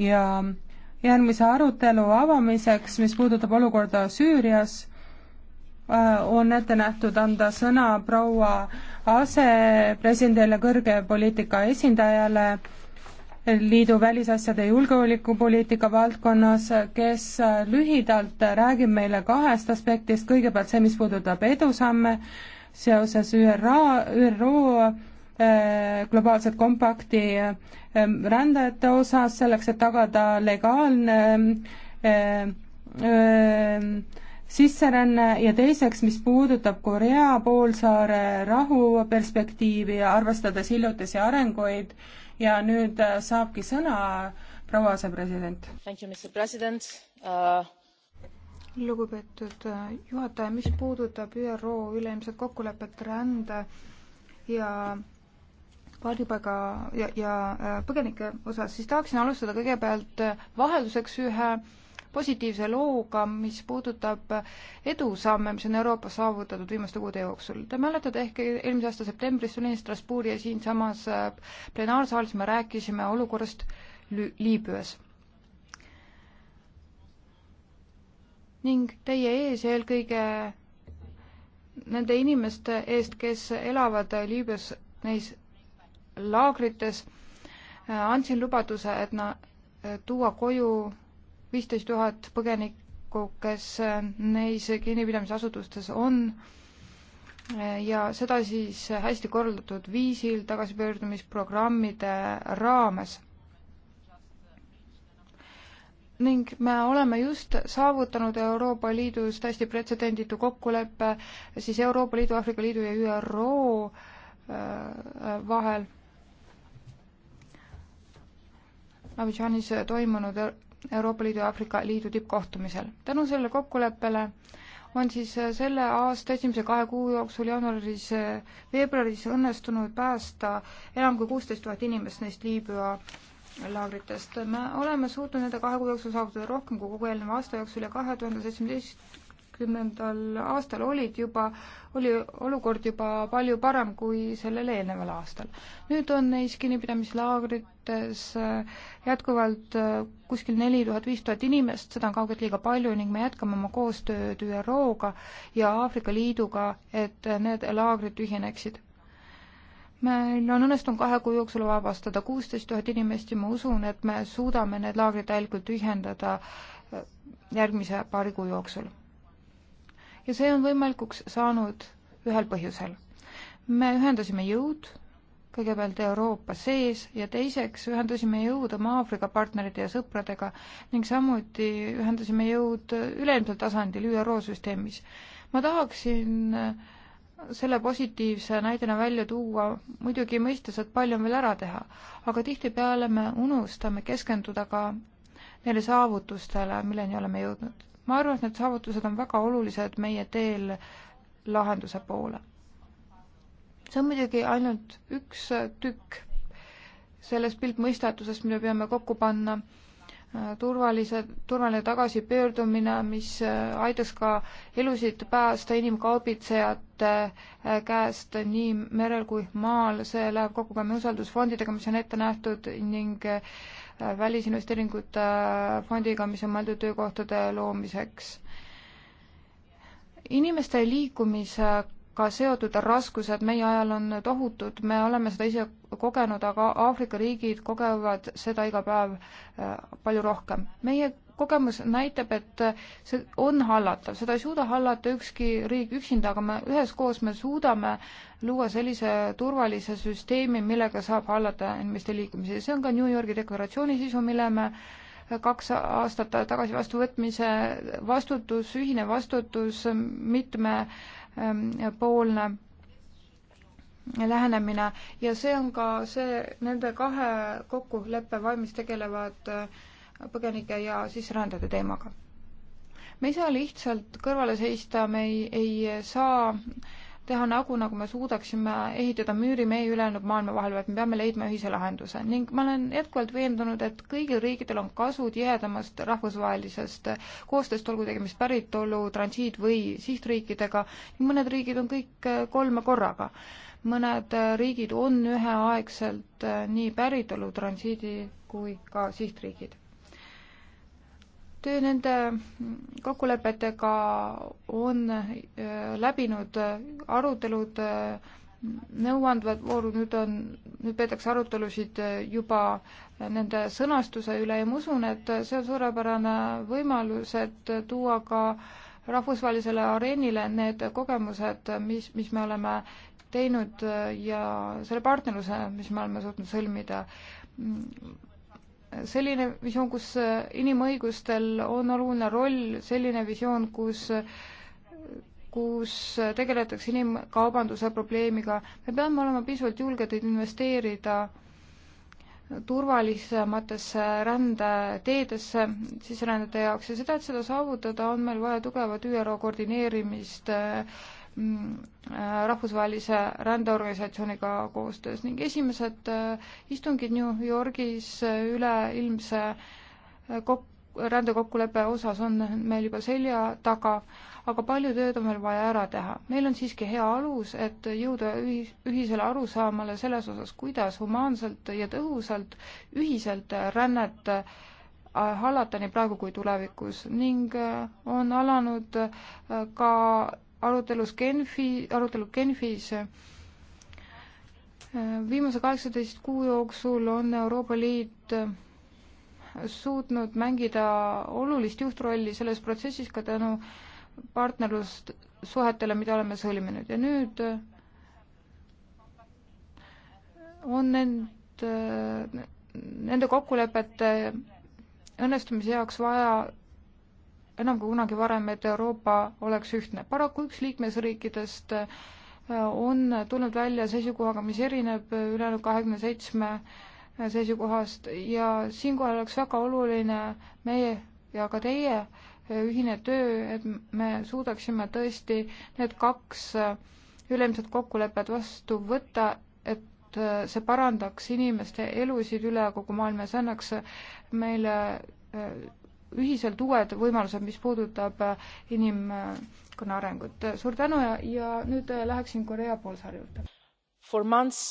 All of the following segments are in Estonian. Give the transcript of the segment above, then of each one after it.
ja järgmise arutelu avamiseks, mis puudutab olukorda Süürias, äh, on ette nähtud anda sõna proua asepresidendile, kõrge poliitika esindajale liidu välisasjade julgeolekupoliitika valdkonnas, kes äh, lühidalt räägib meile kahest aspektist, kõigepealt see, mis puudutab edusamme seoses ÜRA, ÜRO Äh, globaalset kompakti ähm, rändajate osas, selleks et tagada legaalne äh, äh, sisseränne ja teiseks, mis puudutab Korea poolsaare rahuperspektiivi ja arvestades hiljutisi arenguid ja nüüd saabki sõna proua asepresident. Uh... lugupeetud juhataja, mis puudutab ÜRO üleilmset kokkulepet rände ja varjupaiga ja, ja äh, põgenike osas, siis tahaksin alustada kõigepealt äh, vahelduseks ühe positiivse looga, mis puudutab äh, edusamme, mis on Euroopas saavutatud viimaste kuude jooksul. Te mäletate ehk eelmise aasta septembris olin Strasbourgi ja siinsamas plenaarsaalis me rääkisime olukorrast Liibüas. ning teie ees eelkõige nende inimeste eest, kes elavad Liibüas neis laagrites. andsin lubaduse, et na-, tuua koju viisteist tuhat põgenikku, kes neis kinnipidamisasutustes on ja seda siis hästi korraldatud viisil tagasipöördumisprogrammide raames. ning me oleme just saavutanud Euroopa Liidus täiesti pretsedenditu kokkuleppe siis Euroopa Liidu, Aafrika Liidu ja ÜRO äh, vahel Abidžaanis toimunud Euroopa Liidu ja Aafrika Liidu tippkohtumisel. tänu sellele kokkuleppele on siis äh, selle aasta esimese kahe kuu jooksul jaanuaris, äh, veebruaris õnnestunud päästa enam kui kuusteist tuhat inimest neist Liibüa laagritest. me oleme suutnud nende kahe kuu jooksul saavutada rohkem kui kogu eelneva aasta jooksul ja kahe tuhande seitsmeteist, kaheteistkümnendal aastal olid juba, oli olukord juba palju parem kui sellele eelneval aastal. nüüd on neis kinnipidamislaagrites äh, jätkuvalt äh, kuskil neli tuhat, viis tuhat inimest, seda on kaugelt liiga palju ning me jätkame oma koostööd ÜRO-ga ja Aafrika Liiduga, et äh, need laagrid tühjeneksid meil on õnnestunud kahe kuu jooksul vabastada kuusteist tuhat inimest ja ma usun, et me suudame need laagrid täielikult ühendada järgmise paari kuu jooksul ja see on võimalikuks saanud ühel põhjusel. me ühendasime jõud, kõigepealt Euroopa sees ja teiseks ühendasime jõud oma Aafrika partnerite ja sõpradega ning samuti ühendasime jõud üleilmsel tasandil ÜRO süsteemis. ma tahaksin selle positiivse näidena välja tuua, muidugi mõistes, et palju on veel ära teha, aga tihtipeale me unustame keskenduda ka neile saavutustele, milleni oleme jõudnud ma arvan, et need saavutused on väga olulised meie teel lahenduse poole. see on muidugi ainult üks tükk sellest piltmõistatusest, mille peame kokku panna turvalise, turvaline tagasipöördumine, mis äh, aitaks ka elusid päästa inimkaubitsejate äh, käest nii merel kui maal, see läheb kokku ka meie usaldusfondidega, mis on ette nähtud ning äh, välisinvesteeringute fondiga, mis on mõeldud töökohtade loomiseks. inimeste liikumise Aafrikaga seotud raskused meie ajal on tohutud, me oleme seda ise kogenud, aga Aafrika riigid kogevad seda iga päev äh, palju rohkem. meie kogemus näitab, et see on hallatav, seda ei suuda hallata ükski riik üksinda, aga me üheskoos me suudame luua sellise turvalise süsteemi, millega saab hallata inimeste liikumisi ja see on ka New Yorgi deklaratsiooni sisu, mille me äh, kaks aastat tagasi vastuvõtmise vastutus, ühine vastutus, mitmepoolne ähm, lähenemine ja see on ka see, nende kahe kokkuleppe valmis tegelevad äh, põgenike ja sisserändajate teemaga. me ei saa lihtsalt kõrvale seista, me ei, ei saa äh, teha nägu, nagu me suudaksime ehitada müüri meie ülejäänud maailma vahel, vaid me peame leidma ühise lahenduse ning ma olen jätkuvalt veendunud, et kõigil riikidel on kasu tihedamast rahvusvahelisest koostööst, olgu tegemist päritolu, transiit või sihtriikidega. mõned riigid on kõik äh, kolme korraga. mõned äh, riigid on üheaegselt äh, nii päritolu, transiidi kui ka sihtriigid töö nende kokkulepetega on äh, läbinud arutelud, äh, nõuandvad voorud, nüüd on, nüüd peetakse arutelusid äh, juba nende sõnastuse üle ja ma usun, et see on suurepärane võimalus, et tuua ka rahvusvahelisele areenile need kogemused, mis, mis me oleme teinud ja selle partnerluse, mis me oleme suutnud sõlmida mm, selline visioon, kus äh, inimõigustel on oluline roll, selline visioon, kus kus äh, tegeletakse inimkaubanduse probleemiga. me peame olema piisavalt julged, et investeerida turvalisematesse rändeteedesse sisserändajate jaoks ja seda, et seda saavutada, on meil vaja tugevat ÜRO koordineerimist äh, Mm, äh, rahvusvahelise rändeorganisatsiooniga koostöös ning esimesed äh, istungid New Yorgis äh, üleilmse kok-, rändekokkuleppe osas on meil juba selja taga, aga palju tööd on veel vaja ära teha. meil on siiski hea alus, et jõuda ühis, ühisele arusaamale selles osas, kuidas humaanselt ja tõhusalt ühiselt rännet hallata nii praegu kui tulevikus ning on alanud ka arutelus Genfi, arutelu Genfis. Äh, viimase kaheksateist kuu jooksul on Euroopa Liit äh, suutnud mängida olulist juhtrolli selles protsessis ka tänu partnerlussuhetele, mida oleme sõlminud ja nüüd äh, on end, nende kokkulepete õnnestumise jaoks vaja enam kui kunagi varem, et Euroopa oleks ühtne. paraku üks liikmesriikidest äh, on tulnud välja seisukohaga, mis erineb ülejäänud kahekümne seitsme äh, seisukohast ja siinkohal oleks väga oluline meie ja ka teie äh, ühine töö, et me suudaksime tõesti need kaks ülemised kokkulepped vastu võtta, et see parandaks inimeste elusid üle kogu maailma ja see annaks meile ühiselt uued võimalused, mis puudutab äh, inimkonna arengut. suur tänu ja, ja nüüd äh, läheksin Korea poolsaare juurde. For months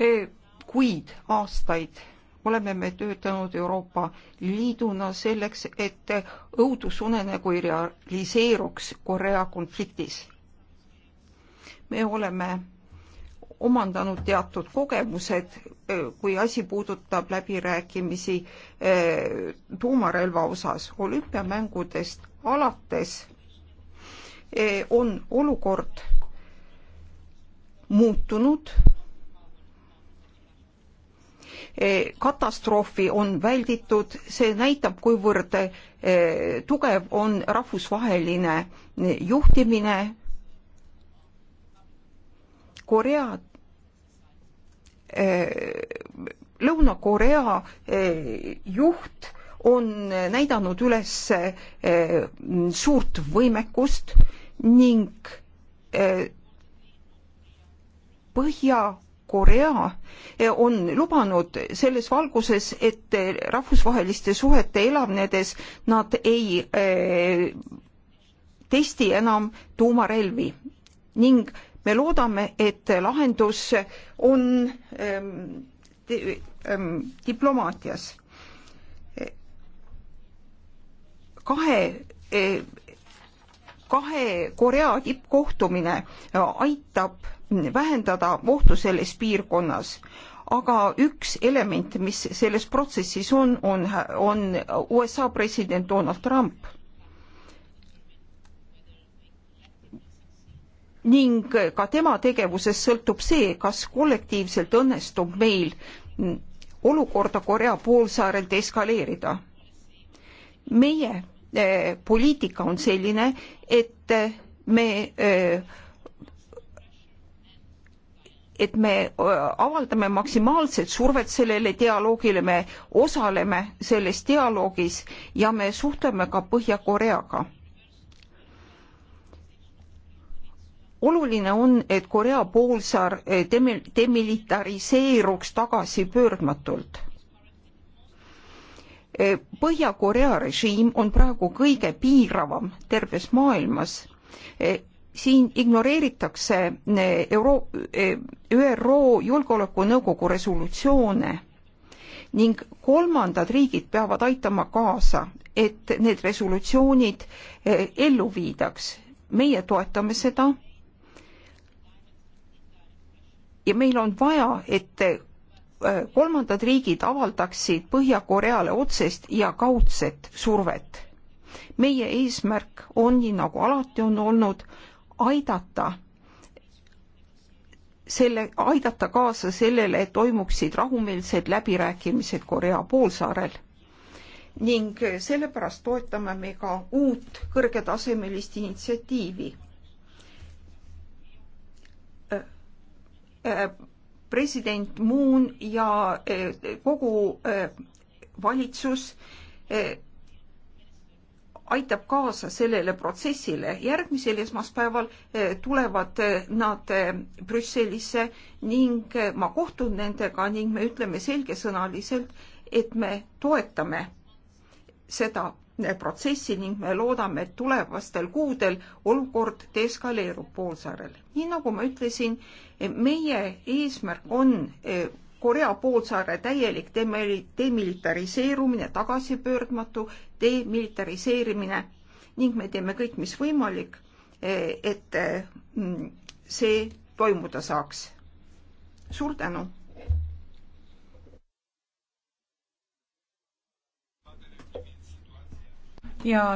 hey, kuid, aastaid oleme me töötanud Euroopa Liiduna selleks, et äh, õudusunenägu ei realiseeruks Korea konfliktis. me oleme omandanud teatud kogemused, eh, kui asi puudutab läbirääkimisi eh, tuumarelva osas. olümpiamängudest alates eh, on olukord muutunud. katastroofi on välditud, see näitab, kuivõrd tugev on rahvusvaheline juhtimine. Korea Eh, Lõuna-Korea eh, juht on näidanud üles eh, suurt võimekust ning Põhja-Korea on lubanud selles valguses, et rahvusvaheliste suhete elavnedes nad ei testi enam tuumarelvi ning me loodame, et lahendus on ähm, di ähm, diplomaatias. kahe äh, kahe Korea tippkohtumine äh, aitab vähendada ohtu selles piirkonnas. aga üks element, mis selles protsessis on, on, on USA president Donald Trump ning ka tema tegevusest sõltub see, kas kollektiivselt õnnestub meil olukorda Korea poolsaarelt eskaleerida. meie eh, poliitika on selline, et eh, me eh, et me eh, avaldame maksimaalset survet sellele dialoogile, me osaleme selles dialoogis ja me suhtleme ka Põhja-Koreaga oluline on, et Korea poolsaar eh, demil-, demilitariseeruks tagasipöördmatult. Eh, Põhja-Korea režiim on praegu kõige piiravam terves maailmas. Eh, siin ignoreeritakse Euro-, ÜRO Julgeolekunõukogu resolutsioone ning kolmandad riigid peavad aitama kaasa, et need resolutsioonid ellu viidaks. meie toetame seda ja meil on vaja, et äh, kolmandad riigid avaldaksid Põhja-Koreale otsest ja kaudset survet. meie eesmärk on, nii nagu alati on olnud, aidata selle, aidata kaasa sellele, et toimuksid rahumeelsed läbirääkimised Korea poolsaarel. ning sellepärast toetame me ka uut kõrgetasemelist initsiatiivi Äh, president Moon ja äh, kogu äh, valitsus aitab kaasa sellele protsessile. järgmisel esmaspäeval tulevad nad Brüsselisse ning ma kohtun nendega ning me ütleme selgesõnaliselt, et me toetame seda protsessi ning me loodame, et tulevastel kuudel olukord deeskaleerub poolsaarel. nii nagu ma ütlesin, meie eesmärk on e, Korea poolsaare täielik demilitariseerumine, tagasipöördmatu demilitariseerimine ning me teeme kõik, mis võimalik, e, et mm, see toimuda saaks. suur tänu! ja